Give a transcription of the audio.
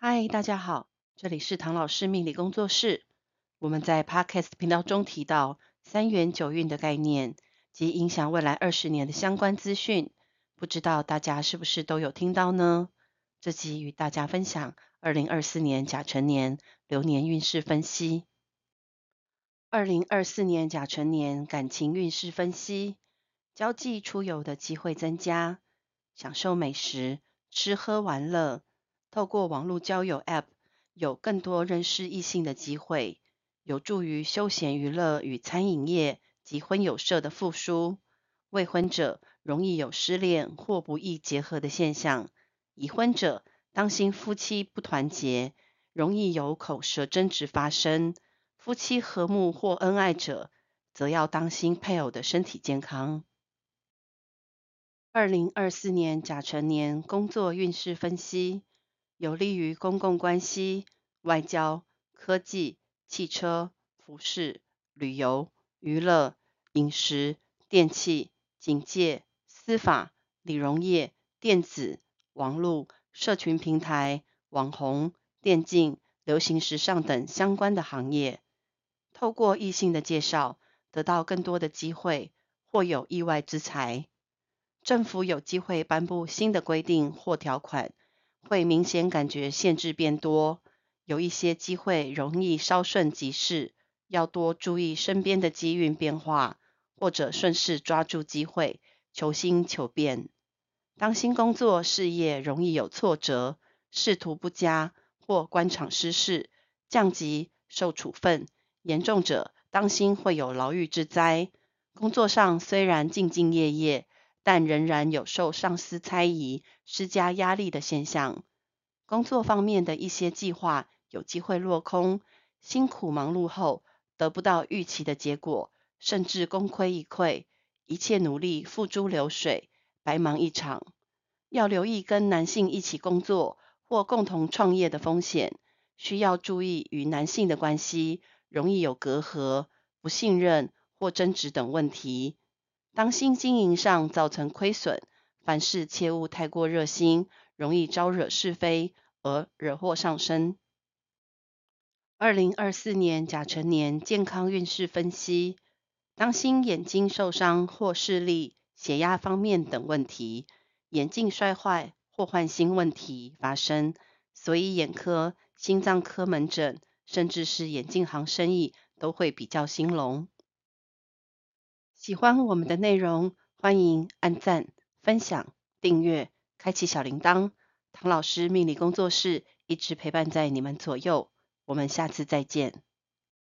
嗨，大家好，這裡是唐老師命理工作室。我們在 Podcast 頻道中提到三元九運的概念及影響未來二十年的相關資訊，不知道大家是不是都有聽到呢？這集與大家分享二零二四年甲辰年流年運勢分析，二零二四年甲辰年感情運勢分析，交際出遊的機會增加，享受美食、吃喝玩樂。透過網絡交友 App，有更多認識異性的機會，有助於休閒娛樂與餐飲業及婚友社的復甦。未婚者容易有失戀或不易結合的現象；已婚者當心夫妻不團結，容易有口舌爭執發生。夫妻和睦或恩愛者，則要當心配偶的身體健康。二零二四年甲辰年工作運勢分析。有利於公共關係、外交、科技、汽車、服飾、旅遊、娛樂、飲食、電器、警戒、司法、理容業、電子、網絡、社群平台、網紅、電競、流行時尚等相關的行業，透過異性的介紹，得到更多的機會或有意外之財。政府有機會頒布新的規定或條款。會明顯感覺限制變多，有一些機會容易稍瞬即逝，要多注意身邊的機運變化，或者順勢抓住機會，求新求變。當心工作事業容易有挫折，仕途不佳或官場失勢、降級、受處分，嚴重者當心會有牢獄之災。工作上雖然兢兢業業。但仍然有受上司猜疑、施加壓力的現象。工作方面的一些計劃有機會落空，辛苦忙碌後得不到預期的結果，甚至功虧一簣，一切努力付諸流水，白忙一場。要留意跟男性一起工作或共同創業的風險，需要注意與男性的關係，容易有隔閡、不信任或爭執等問題。當心經營上造成虧損，凡事切勿太過熱心，容易招惹是非而惹禍上身。二零二四年甲辰年健康運勢分析，當心眼睛受傷或視力、血壓方面等問題，眼鏡摔壞或換新問題發生，所以眼科、心臟科門診，甚至是眼鏡行生意都會比較興隆。喜歡我們的內容，歡迎按讚、分享、訂閱，開啟小鈴鐺。唐老師命理工作室一直陪伴在你們左右，我們下次再見。